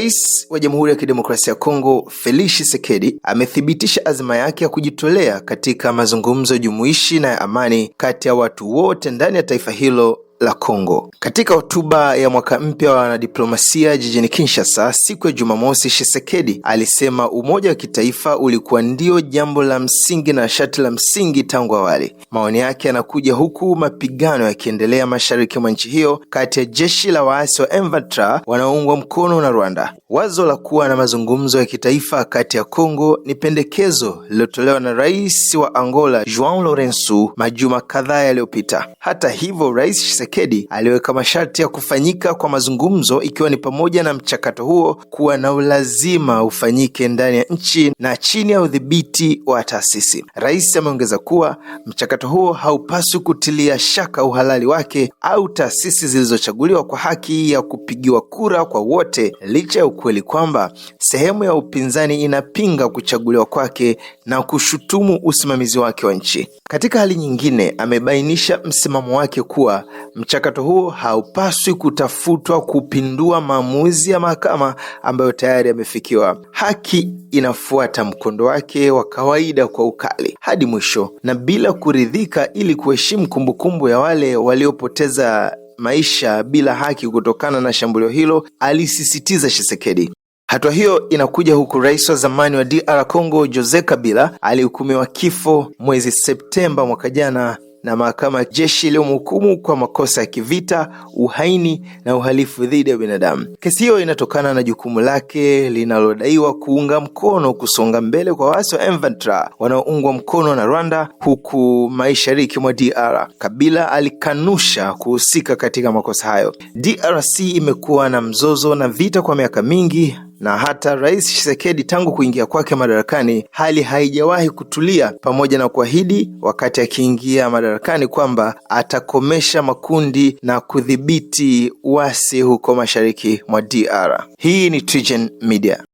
Rais wa Jamhuri ya Kidemokrasia ya Kongo Felix Tshisekedi amethibitisha azma yake ya kujitolea katika mazungumzo jumuishi na ya amani kati ya watu wote ndani ya taifa hilo la Kongo. Katika hotuba ya mwaka mpya wa wanadiplomasia jijini Kinshasa siku ya Jumamosi, Shisekedi alisema umoja wa kitaifa ulikuwa ndio jambo la msingi na shati la msingi tangu awali. Maoni yake yanakuja huku mapigano yakiendelea mashariki mwa nchi hiyo kati ya jeshi la waasi wa M23 wanaoungwa mkono na Rwanda. Wazo la kuwa na mazungumzo ya kitaifa kati ya Kongo ni pendekezo lililotolewa na rais wa Angola Joao Lourenço majuma kadhaa yaliyopita. Hata hivyo, rais Tshisekedi aliweka masharti ya kufanyika kwa mazungumzo, ikiwa ni pamoja na mchakato huo kuwa na ulazima ufanyike ndani ya nchi na chini ya udhibiti wa taasisi. Rais ameongeza kuwa mchakato huo haupaswi kutilia shaka uhalali wake au taasisi zilizochaguliwa kwa haki ya kupigiwa kura kwa wote, licha ya ukweli kwamba sehemu ya upinzani inapinga kuchaguliwa kwake na kushutumu usimamizi wake wa nchi. Katika hali nyingine, amebainisha msimamo wake kuwa Mchakato huo haupaswi kutafutwa kupindua maamuzi ya mahakama ambayo tayari yamefikiwa. Haki inafuata mkondo wake wa kawaida kwa ukali hadi mwisho na bila kuridhika, ili kuheshimu kumbukumbu ya wale waliopoteza maisha bila haki kutokana na shambulio hilo, alisisitiza Tshisekedi. Hatua hiyo inakuja huku rais wa zamani wa DR Congo Jose Kabila alihukumiwa kifo mwezi Septemba mwaka jana na mahakama jeshi iliyomhukumu kwa makosa ya kivita, uhaini na uhalifu dhidi ya binadamu. Kesi hiyo inatokana na jukumu lake linalodaiwa kuunga mkono kusonga mbele kwa waasi wa M23 wanaoungwa mkono na Rwanda, huku mashariki mwa DR. Kabila alikanusha kuhusika katika makosa hayo. DRC imekuwa na mzozo na vita kwa miaka mingi na hata Rais Tshisekedi tangu kuingia kwake madarakani, hali haijawahi kutulia, pamoja na kuahidi wakati akiingia madarakani kwamba atakomesha makundi na kudhibiti uasi huko mashariki mwa DR. Hii ni TriGen Media.